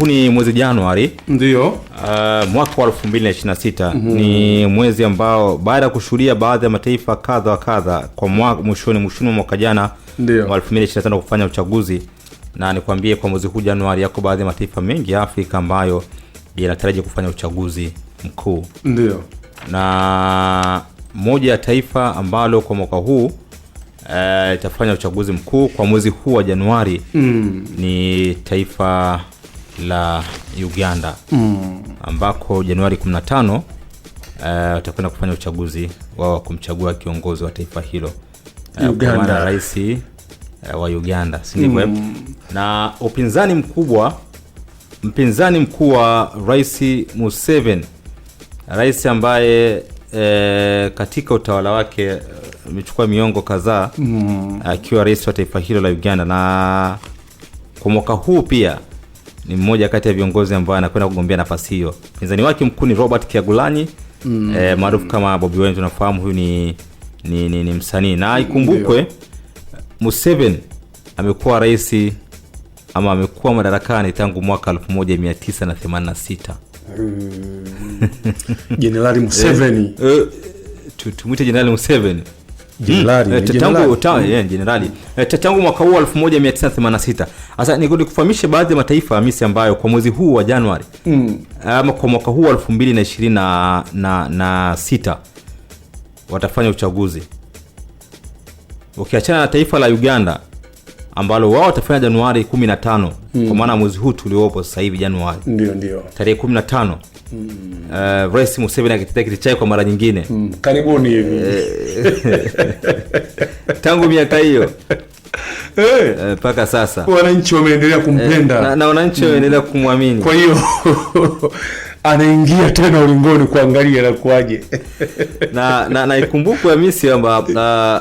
huu ni mwezi Januari ndio, uh, mwaka wa 2026 mm -hmm. Ni mwezi ambao baada ya kushuhudia baadhi ya mataifa kadha wa kadha kwa mwishoni mwishoni mwaka jana wa 2025 kufanya uchaguzi, na nikwambie kwa mwezi huu Januari yako baadhi ya mataifa mengi ya Afrika ambayo yanataraji kufanya uchaguzi mkuu ndio, na moja ya taifa ambalo kwa mwaka huu eh, itafanya uh, uchaguzi mkuu kwa mwezi huu wa Januari mm. ni taifa la Uganda mm. ambako Januari 15 eh, watakwenda uh, kufanya uchaguzi wao wa kumchagua kiongozi wa taifa hilo uh, rais uh, wa Uganda mm. na upinzani mkubwa, mpinzani mkuu wa Rais museven rais ambaye E, katika utawala wake amechukua miongo kadhaa hmm. akiwa mm. rais wa taifa hilo la Uganda, na kwa mwaka huu pia ni mmoja kati ya viongozi ambao anakwenda kugombea nafasi hiyo. Mpinzani wake mkuu ni Robert kiagulanyi mm. eh, maarufu kama Bobi wen tunafahamu huyu ni, ni, ni, ni msanii na ikumbukwe museven amekuwa rais ama amekuwa madarakani tangu mwaka 1986 eh. Jenerali Museveni, eh, eh, tumwite Jenerali Museveni jenerali hmm. eh, eh, eh, tangu mwaka huu 1986. Sasa nikudi kufahamisha baadhi ya mataifa misi ambayo kwa mwezi huu wa Januari mm. ama kwa mwaka huu 2026 watafanya uchaguzi ukiachana na taifa la Uganda ambalo wao watafanya Januari 15 mm. kwa maana mwezi huu tuliopo sasa hivi Januari ndio ndio tarehe 15 mm. uh, Rais Museveni akitetea kiti chake kwa mara nyingine mm. karibuni hivi eh, tangu miaka hiyo eh. Eh, mpaka hey. sasa wananchi wameendelea kumpenda na, na wananchi hmm. wameendelea mm. kumwamini kwa hiyo anaingia tena ulingoni kuangalia nakuaje. na, na, naikumbukwa ikumbukwe Hamisi kwamba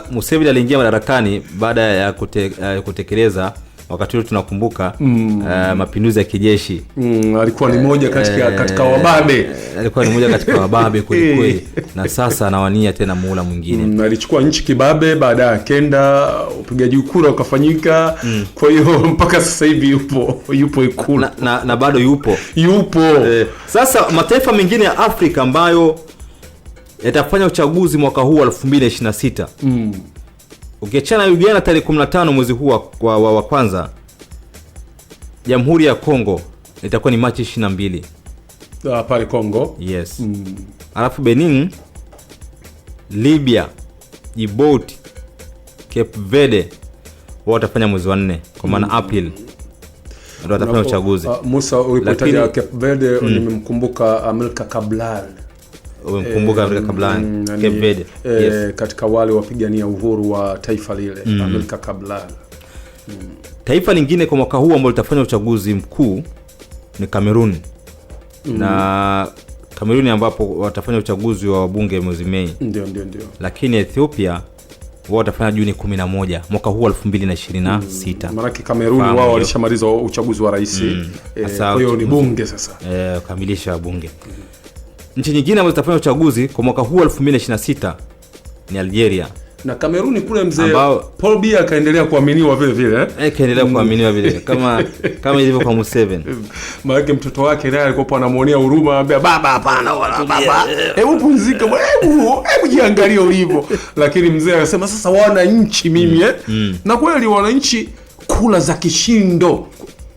uh, Museveni aliingia madarakani baada ya kute, uh, kutekeleza wakati huo tunakumbuka mm. uh, mapinduzi ya kijeshi mm, alikuwa ni moja katika, eh, katika wababe eh, alikuwa ni moja katika wababe kwelikweli na sasa anawania tena muhula mwingine mm, alichukua nchi kibabe baada ya kenda upigaji kura ukafanyika mm. kwa hiyo mpaka sasa hivi yupo yupo ikulu na, na, na bado yupo yupo eh, sasa mataifa mengine ya afrika ambayo yatafanya uchaguzi mwaka huu wa 2026 mm ukiachana na Uganda tarehe 15 mwezi huu wa, wa, wa, wa kwanza, Jamhuri ya Kongo itakuwa ni Machi 22 ah, pale Kongo yes mm. Alafu Benin, Libya, Djibouti, Cape Verde wao watafanya mwezi wa nne kwa maana mm. April ndio watafanya uchaguzi. Uh, Musa ulipotaja Cape Verde mm. nimemkumbuka amerika Cabral umemkumbuka Afrika eh, kablani mm, Cape eh, yes. katika wale wapigania uhuru wa taifa lile mm. Amerika kablani mm. Taifa lingine kwa mwaka huu ambao litafanya uchaguzi mkuu ni Kamerun mm. na Kamerun ambapo watafanya uchaguzi wa wabunge mwezi Mei, ndio ndio ndio, lakini Ethiopia wao watafanya Juni 11 mwaka huu 226 Mm. Maana Kamerun wao walishamaliza uchaguzi wa rais, mm. eh, kwa hiyo ni bunge sasa, eh kamilisha bunge mm. Nchi nyingine ambazo zitafanya uchaguzi kwa mwaka huu 2026 ni Algeria na Kameruni kule mzee ambao Paul b akaendelea kuaminiwa vile vile eh, akaendelea eh, kuaminiwa vile kama kama ilivyo kwa Museveni. Maana mtoto wake naye alikuwa anamwonea huruma, ambia baba, hapana wala baba, eh. hebu pumzika, hebu hebu jiangalia ulivo Lakini mzee akasema sasa, wananchi mimi mm, eh, mm. na kweli wananchi kula za kishindo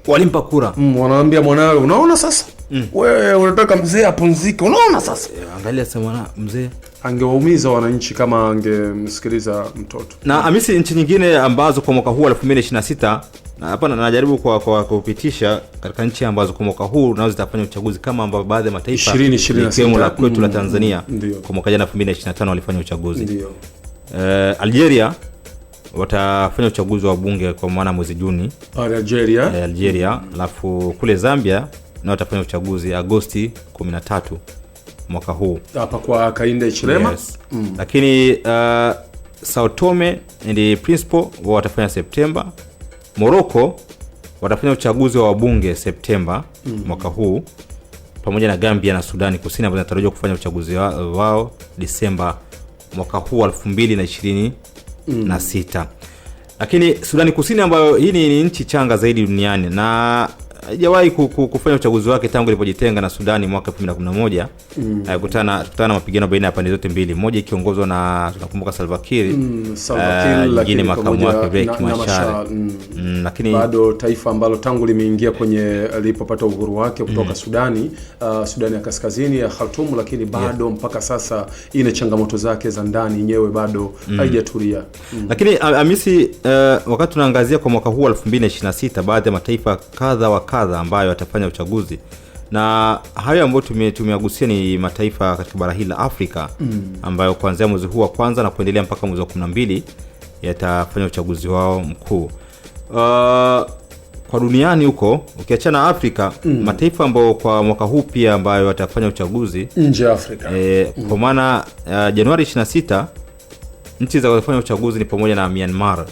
walimpa kura mm, wanaambia mwanawe, unaona sasa mm. wewe unataka mzee apunzike Unaona sasa, eh, angalia sasa mzee angewaumiza wananchi kama angemsikiliza mtoto. Na amisi ah, nchi nyingine ambazo kwa mwaka huu 2026 na najaribu kwa kwa kupitisha katika nchi ambazo kwa mwaka huu nazo zitafanya uchaguzi kama ambavyo baadhi ya mataifa ikiwemo la kwetu la mm, Tanzania kwa mwaka jana tano walifanya uchaguzi. uh, Algeria watafanya uchaguzi wa bunge kwa maana mwezi Juni. Eh, Algeria, alafu kule Zambia na watafanya uchaguzi Agosti 13 mwaka huu hapa kwa Kainde Chilema yes. mm. Lakini uh, sautome and Principe wao watafanya Septemba. moroco watafanya uchaguzi wa wabunge Septemba mm. mwaka huu pamoja na Gambia na Sudani Kusini ambazo zinatarajiwa kufanya uchaguzi wao, Disemba mwaka huu 226 mm. lakini Sudani Kusini ambayo hii ni nchi changa zaidi duniani na haijawahi kufanya uchaguzi wake tangu ilipojitenga na Sudani mwaka 2011. Mm. Alikutana kutana mapigano baina ya pande zote mbili, moja ikiongozwa na tunakumbuka salvakiri mm, eh, ingine makamu wake Riek mashare mm. mm, lakinibado taifa ambalo tangu limeingia kwenye lilipopata uhuru wake kutoka mm. Sudani, uh, Sudani ya Kaskazini ya Khartoum, lakini bado yeah. mpaka sasa ina changamoto zake za ndani, yenyewe bado mm. haijatulia. Mm. Lakini uh, amisi uh, wakati tunaangazia kwa mwaka huu 2026 baadhi ya mataifa kadha wa kadha ambayo yatafanya uchaguzi na hayo ambayo tumeagusia ni mataifa katika bara hili la Afrika mm. ambayo kuanzia mwezi huu wa kwanza na kuendelea mpaka mwezi wa 12 yatafanya uchaguzi wao mkuu. Uh, kwa duniani huko ukiachana Afrika mm. mataifa ambayo kwa mwaka huu pia ambayo yatafanya uchaguzi nje Afrika e, mm. kwa maana uh, Januari 26 nchi za kufanya uchaguzi ni pamoja na Myanmar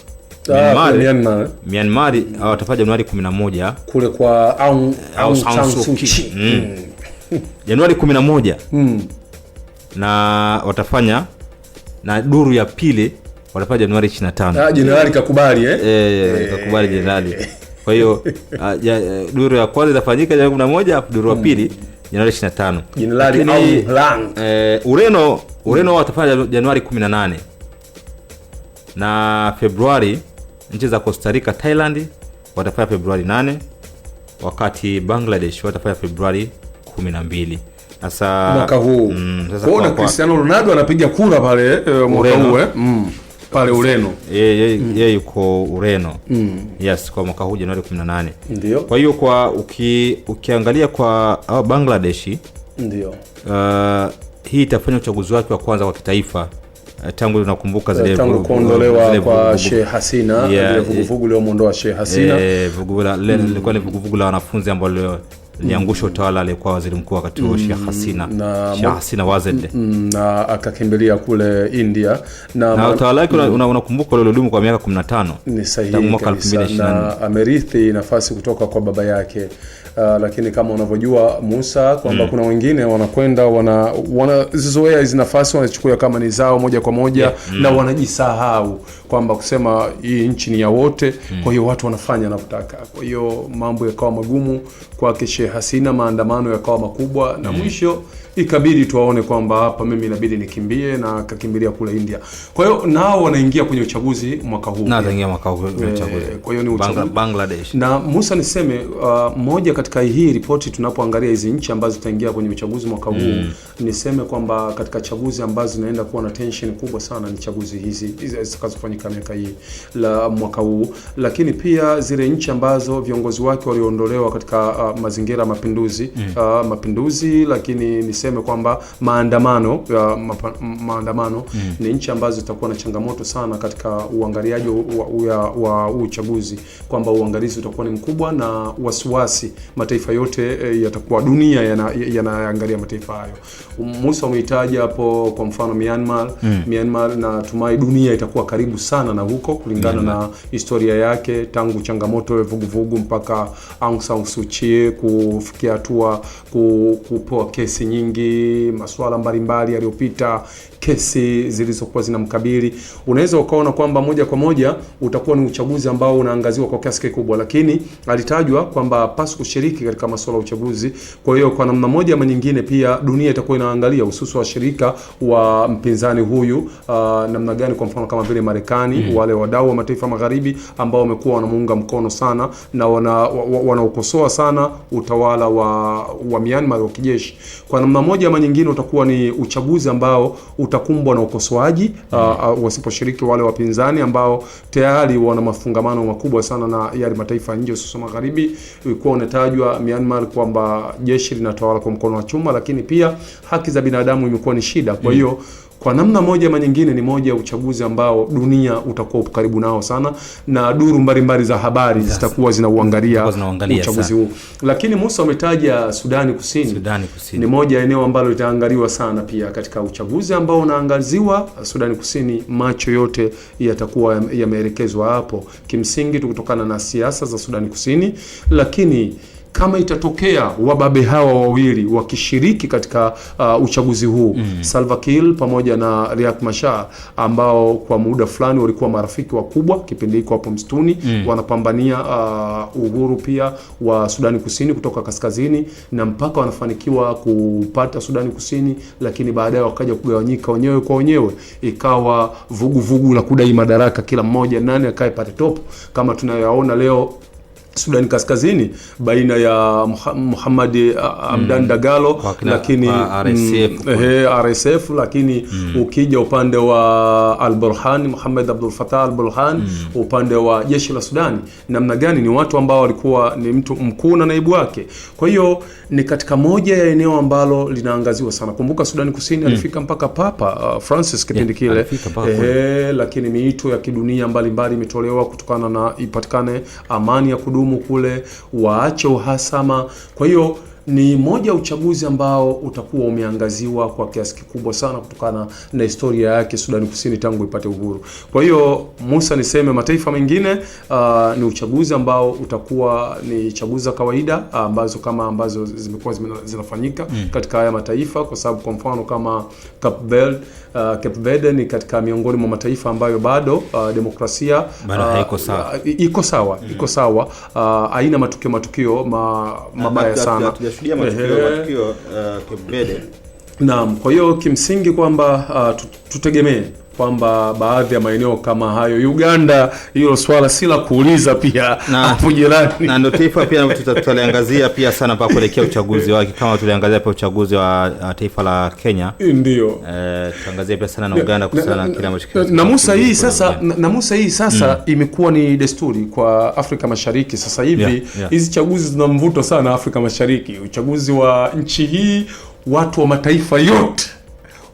Myanmar, Myanmar. Uh, watafanya Januari 11 kule kwa Aung, Aung San Suu Kyi. Mm. Januari 11 mm. na watafanya na duru ya pili watafanya Januari 25. Ah, jenerali kakubali eh? E, e, kakubali eh. jenerali. Kwa hiyo ah, duru ya kwanza itafanyika Januari 11 afu duru ya hmm. pili Januari 25. Jenerali Aung Lang. Eh, Ureno Ureno watafanya Januari 18 na Februari Nchi za Costa Rica, Thailand watafanya Februari 8, wakati Bangladesh watafanya Februari 12. Sasa mwaka huu mm, kwa Cristiano Ronaldo anapiga kura pale e, mwaka huu eh? mm, pale Ureno yeye ye, mm. ye yuko Ureno mm. yes, kwa mwaka huu Januari 18. Ndio. Kwa hiyo kwa uki, ukiangalia kwa hawa uh, Bangladeshi ndio, uh, hii itafanya uchaguzi wake wa kwanza wa kitaifa Eh, tangu unakumbuka zile eh, tangu kuondolewa kwa Sheikh Hasina yeah, ile vuguvugu leo muondoa Sheikh Hasina eh, vuguvugu la ilikuwa mm. vuguvugu la wanafunzi ambao leo liangusha utawala aliyekuwa waziri mkuu wakati huo mm, Sheikh Hasina na, Sheikh Hasina wazende mm, mm, na akakimbilia kule India na, na utawala wake unakumbuka una uliodumu kwa miaka 15 ni sahihi tangu mwaka 2024 na amerithi nafasi kutoka kwa baba yake Uh, lakini kama unavyojua Musa kwamba mm. kuna wengine wanakwenda wana wanazoea hizi nafasi wanachukua kama ni zao moja kwa moja yeah. mm. na wanajisahau kwamba kusema hii nchi ni ya wote mm. kwa hiyo watu wanafanya wanavyotaka. Kwa hiyo mambo yakawa magumu kwake Sheikh Hasina, maandamano yakawa makubwa na mm. mwisho ikabidi tuwaone kwamba hapa mimi inabidi nikimbie, na kakimbilia kule India. Kwa hiyo nao wanaingia kwenye uchaguzi mwaka huu, na wanaingia mwaka huu kwenye eh, uchaguzi. Kwa hiyo ni uchaguzi Bangladesh. Na Musa, niseme uh, moja katika hii ripoti tunapoangalia hizi nchi ambazo zitaingia kwenye uchaguzi mwaka huu mm. niseme kwamba katika chaguzi ambazo zinaenda kuwa na tension kubwa sana ni chaguzi hizi zitakazofanyika miaka hii la mwaka huu, lakini pia zile nchi ambazo viongozi wake waliondolewa katika uh, mazingira ya mapinduzi mm. uh, mapinduzi lakini ni niseme kwamba maandamano ya mapa, maandamano mm. ni nchi ambazo zitakuwa na changamoto sana katika uangaliaji wa, wa wa uchaguzi kwamba uangalizi utakuwa ni mkubwa na wasiwasi, mataifa yote e, yatakuwa dunia yanaangalia yana mataifa hayo. Musa umehitaji hapo kwa mfano Myanmar mm. Myanmar natumai dunia itakuwa karibu sana na huko kulingana Myanmar. na historia yake tangu changamoto ya vuguvugu mpaka Aung San Suu Kyi kufikia hatua kupewa kesi nyingi mengi, masuala mbalimbali yaliyopita, kesi zilizokuwa zinamkabili, unaweza ukaona kwamba moja kwa moja utakuwa ni uchaguzi ambao unaangaziwa kwa kiasi kikubwa, lakini alitajwa kwamba hapaswi kushiriki katika masuala ya uchaguzi. Kwa hiyo kwa namna moja ama nyingine, pia dunia itakuwa inaangalia hususu washirika wa mpinzani huyu uh, namna gani, kwa mfano kama vile Marekani mm -hmm. wale wadau wa mataifa magharibi ambao wamekuwa wanamuunga mkono sana na wanaokosoa wana sana utawala wa, wa Myanmar wa kijeshi kwa namna namna moja ama nyingine utakuwa ni uchaguzi ambao utakumbwa na ukosoaji mm -hmm. uh, wasiposhiriki wale wapinzani ambao tayari wana mafungamano makubwa sana na yale mataifa nje hususan magharibi. Ilikuwa unatajwa Myanmar kwamba jeshi linatawala kwa mkono wa chuma, lakini pia haki za binadamu imekuwa ni shida, kwa mm. hiyo mm -hmm kwa namna moja ama nyingine ni moja ya uchaguzi ambao dunia utakuwa karibu nao sana na duru mbalimbali mbali za habari zitakuwa zinauangalia uchaguzi huu. Lakini Musa ametaja Sudani Kusini. Sudani Kusini ni moja ya eneo ambalo litaangaliwa sana pia katika uchaguzi ambao unaangaziwa Sudani Kusini, macho yote yatakuwa yameelekezwa hapo, kimsingi tu kutokana na siasa za Sudani Kusini, lakini kama itatokea wababe hawa wawili wakishiriki katika uh, uchaguzi huu mm -hmm. Salva Kiir pamoja na Riek Machar ambao kwa muda fulani walikuwa marafiki wakubwa kipindi hiko hapo msituni mm -hmm. wanapambania uh, uhuru pia wa Sudani Kusini kutoka kaskazini na mpaka wanafanikiwa kupata Sudani Kusini, lakini baadaye wakaja kugawanyika wenyewe kwa wenyewe, ikawa vuguvugu vugu la kudai madaraka, kila mmoja nani akae pate top, kama tunayoona leo Sudani Kaskazini baina ya Muhammad uh, Hamdan mm. Dagalo Wakina, lakini RSF, mm, he, eh, RSF lakini mm. ukija upande wa Al Burhan Muhammad Abdul Fatah Al Burhan mm. upande wa jeshi la Sudani namna gani, ni watu ambao walikuwa ni mtu mkuu na naibu wake. Kwa hiyo ni katika moja ya eneo ambalo linaangaziwa sana. Kumbuka Sudani Kusini mm. alifika mpaka Papa uh, Francis kipindi yeah, kile yeah, eh, lakini miito ya kidunia mbalimbali imetolewa kutokana na ipatikane amani ya kudu kudumu kule, waache uhasama. Kwa hiyo ni moja ya uchaguzi ambao utakuwa umeangaziwa kwa kiasi kikubwa sana kutokana na historia yake Sudani Kusini tangu ipate uhuru. Kwa hiyo Musa, niseme mataifa mengine uh, ni uchaguzi ambao utakuwa ni chaguzi za kawaida ah, ambazo kama ambazo zimekuwa zinafanyika mm. katika haya mataifa kwa sababu kwa mfano kama Cape Verde, uh, Cape Verde ni katika miongoni mwa mataifa ambayo bado uh, demokrasia uh, iko sawa iko mm. sawa, mm. iko sawa uh, haina matukio matukio mabaya sana tumeshuhudia matukio matukio uh, Naam, kwa hiyo kimsingi kwamba uh, tutegemee kwamba baadhi ya maeneo kama hayo Uganda, hilo swala si la kuuliza pia hapo jirani, na ndio taifa pia tutaliangazia pia sana pa kuelekea uchaguzi wake, kama tuliangazia pia uchaguzi wa taifa la Kenya, e, ndio eh, tutaangazia pia sana na Uganda kuhusiana kile ambacho na Musa hii sasa, na Musa hii sasa imekuwa ni desturi kwa Afrika Mashariki sasa hivi. Hizi chaguzi zina mvuto sana Afrika Mashariki, uchaguzi wa nchi hii, watu wa mataifa yote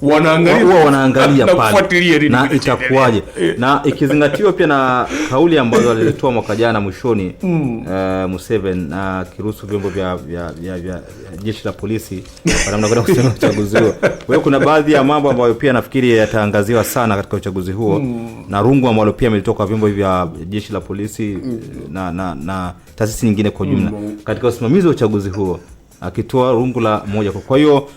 wanaangalia wanaangalia pale na itakuwaje, na ikizingatiwa pia na kauli ambazo alitoa mwaka jana mwishoni mm. uh, Museveni akiruhusu uh, vyombo vya vya, vya, vya jeshi la polisi kwa namna wanakwenda kusema uchaguzi huo. Kwa hiyo kuna baadhi ya mambo ambayo pia nafikiri yataangaziwa sana katika uchaguzi huo mm. na rungu ambalo pia militoka vyombo vya jeshi la polisi mm. na, na, na taasisi nyingine kwa jumla mm. katika usimamizi wa uchaguzi huo akitoa rungu la moja kwa hiyo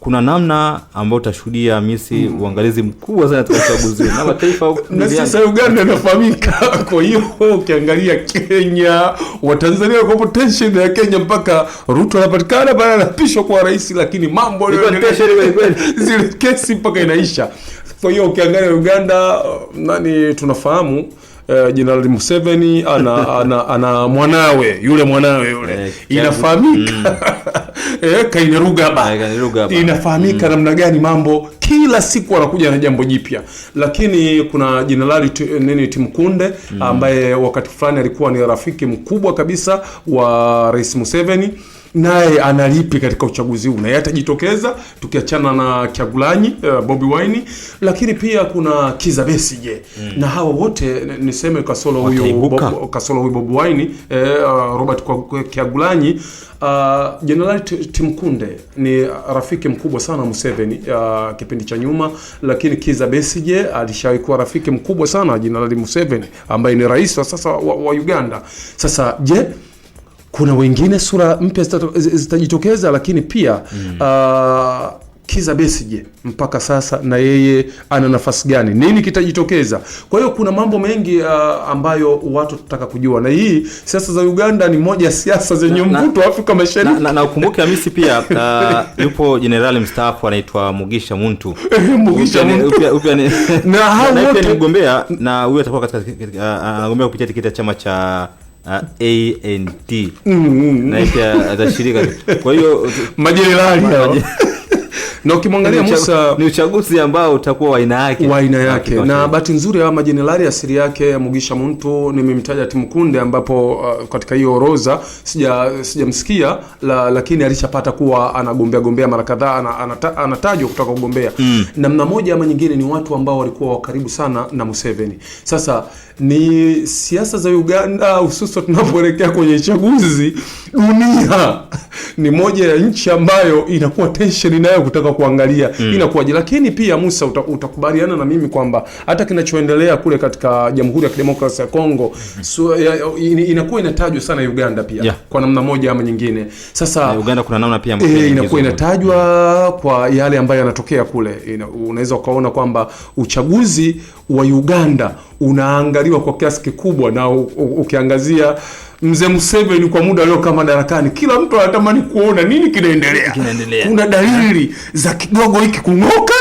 kuna namna ambayo utashuhudia misi mm. uangalizi mkubwa sana katika uchaguzi na mataifa na sasa Uganda inafahamika. Kwa hiyo ukiangalia Kenya, Watanzania kwa tension ya Kenya, mpaka Ruto anapatikana baada anapishwa kwa rais, lakini mambo zile kesi mpaka inaisha. Kwa hiyo ukiangalia Uganda, nani tunafahamu Jenerali uh, Museveni ana, ana, ana mwanawe yule mwanawe yule eh, inafahamika mm. Eh, eh, Kainerugaba inafahamika mm. namna gani mambo kila siku anakuja na jambo jipya, lakini kuna jenerali eh, nini Timkunde mm. ambaye wakati fulani alikuwa ni rafiki mkubwa kabisa wa Rais Museveni naye analipi katika uchaguzi huu, naye atajitokeza, tukiachana na Kyagulanyi uh, Bobi Wine, lakini pia kuna Kizza Besigye mm. na hawa wote niseme kasolo huyo Bob, kasolo huyu Bobi Wine eh, uh, Robert kwa Kyagulanyi uh, ah, General Timkunde ni rafiki mkubwa sana Museveni uh, kipindi cha nyuma, lakini Kizza Besigye alishawahi kuwa rafiki mkubwa sana General Museveni ambaye ni rais wa sasa wa, wa Uganda. Sasa je yeah kuna wengine sura mpya zitajitokeza, lakini pia mm. uh, ah, Kiza Besije mpaka sasa na yeye ana nafasi gani? Nini kitajitokeza? Kwa hiyo kuna mambo mengi uh, ambayo watu tutaka kujua, na hii siasa za Uganda ni moja ya siasa zenye mvuto Afrika Mashariki na, na, na ukumbuke Hamisi pia uh, yupo jenerali mstaafu anaitwa Mugisha Muntu Mugisha Muntu na mgombea na huyu atakuwa katika anagombea kupitia tiketi ya chama cha ANT ah, mm-hmm. na kisha atashirika. Kwa hiyo majenerali hao na ukimwangalia Musa ni uchaguzi ambao utakuwa wa yake wa yake. Na bahati nzuri hawa majenerali asili yake Mugisha Muntu nimemtaja Tumukunde, ambapo uh, katika hiyo orodha sija sijamsikia la, lakini alishapata kuwa anagombea gombea mara kadhaa anata, anatajwa kutoka kugombea mm. Namna moja ama nyingine ni watu ambao walikuwa wakaribu sana na Museveni sasa ni siasa za Uganda, hususan tunapoelekea kwenye chaguzi. Dunia ni moja ya nchi ambayo inakuwa tension inayo kutaka kuangalia mm. inakuwaje. Lakini pia Musa, uta, utakubaliana na mimi kwamba hata kinachoendelea kule katika Jamhuri ya Kidemokrasia ya Kongo hmm. so, inakuwa inatajwa sana Uganda pia yeah. kwa namna moja ama nyingine. Sasa na eh, Uganda kuna namna pia e, inakuwa inatajwa yeah. Hmm. kwa yale ambayo yanatokea kule, unaweza ukaona kwamba uchaguzi wa Uganda unaangalia imeathiriwa kwa kiasi kikubwa, na ukiangazia mzee Museveni kwa muda aliokaa madarakani, kila mtu anatamani kuona nini kinaendelea. Kuna dalili eh. za kidogo hiki kung'oka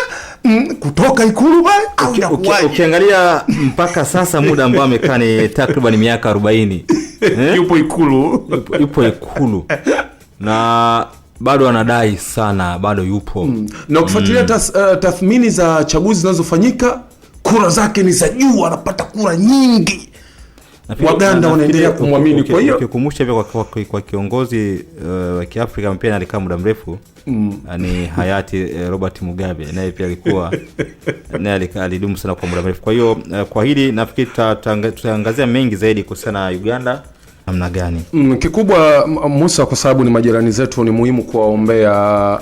Mm, kutoka Ikulu uki, uki, ukiangalia mpaka sasa muda ambao amekaa ni takriban miaka 40 eh? yupo Ikulu yupo, yupo Ikulu na bado anadai sana, bado yupo mm. na ukifuatilia mm. Eh, tathmini za chaguzi zinazofanyika kura zake ni za juu, anapata kura nyingi Waganda wanaendelea kumwamini. Kwa hiyo ukikumbusha hivyo kwa kiongozi uh, wa Kiafrika pia alikaa muda mrefu mm. uh, ni hayati uh, Robert Mugabe, naye pia alikuwa naye alidumu sana kwa muda mrefu. Kwa hiyo kwa hili nafikiri tutaangazia mengi zaidi kuhusiana na Uganda namna gani. Mm, kikubwa Musa, kwa sababu ni majirani zetu, ni muhimu kuwaombea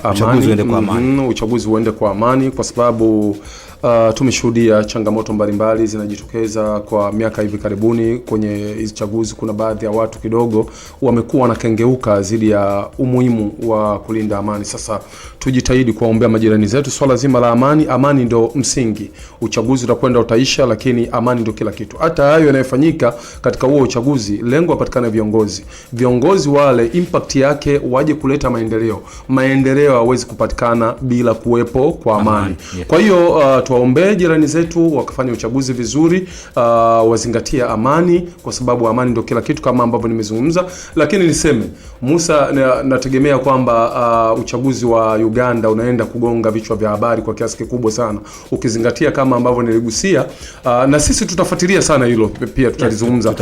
mm-hmm, amani, uchaguzi uende kwa amani, kwa sababu Uh, tumeshuhudia changamoto mbalimbali zinajitokeza kwa miaka hivi karibuni kwenye hizi chaguzi. Kuna baadhi ya watu kidogo wamekuwa wanakengeuka dhidi ya umuhimu wa kulinda amani. Sasa tujitahidi kuwaombea majirani zetu swala zima la amani. Amani ndo msingi, uchaguzi utakwenda utaisha, lakini amani ndo kila kitu. Hata hayo yanayofanyika katika huo uchaguzi, lengo apatikane viongozi, viongozi wale impact yake waje kuleta maendeleo. Maendeleo hawezi kupatikana bila kuwepo kwa amani, amani. Yeah. Kwa hiyo uh, tuwaombee jirani zetu wakafanya uchaguzi vizuri, uh, wazingatie amani, kwa sababu amani ndio kila kitu kama ambavyo nimezungumza. Lakini niseme Musa, na, nategemea kwamba uh, uchaguzi wa Uganda unaenda kugonga vichwa vya habari kwa kiasi kikubwa sana, ukizingatia kama ambavyo niligusia uh, na sisi tutafuatilia sana hilo pia tutalizungumza.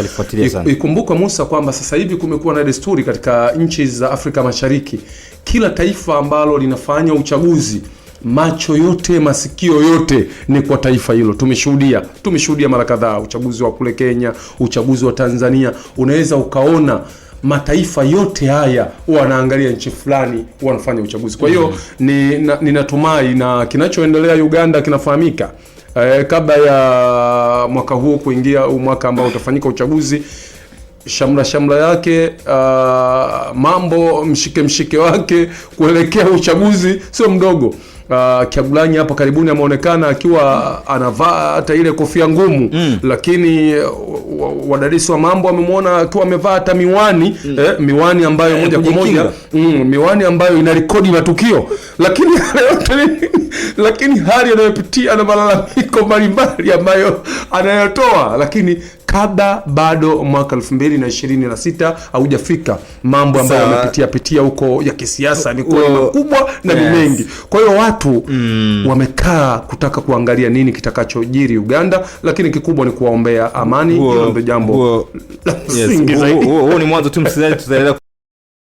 Ikumbukwe Musa kwamba sasa hivi kumekuwa na desturi katika nchi za Afrika Mashariki, kila taifa ambalo linafanya uchaguzi macho yote, masikio yote ni kwa taifa hilo. Tumeshuhudia, tumeshuhudia mara kadhaa uchaguzi wa kule Kenya, uchaguzi wa Tanzania. Unaweza ukaona mataifa yote haya wanaangalia nchi fulani wanafanya uchaguzi. Kwa hiyo mm -hmm. ninatumai na, na kinachoendelea Uganda kinafahamika eh, kabla ya mwaka huo kuingia mwaka ambao utafanyika uchaguzi shamra shamra yake uh, mambo mshike mshike wake kuelekea uchaguzi sio mdogo uh, ah, Kyagulanyi hapa karibuni ameonekana akiwa anavaa hata ile kofia ngumu mm. lakini eh, wadadisi wa mambo wamemwona akiwa amevaa hata miwani mm. eh, miwani ambayo eh, moja kwa moja mm, miwani ambayo ina rekodi matukio lakini lakini hali anayopitia na malalamiko mbalimbali ambayo anayotoa lakini kabla bado mwaka 2026 haujafika, mambo ambayo yamepitia pitia huko ya kisiasa ni kwa makubwa na ni yes, mengi. Kwa hiyo watu mm, wamekaa kutaka kuangalia nini kitakachojiri Uganda, lakini kikubwa ni kuwaombea amani. Hilo ndio jambo la msingi zaidi. Huo ni mwanzo tu, msikilizaji, tutaendelea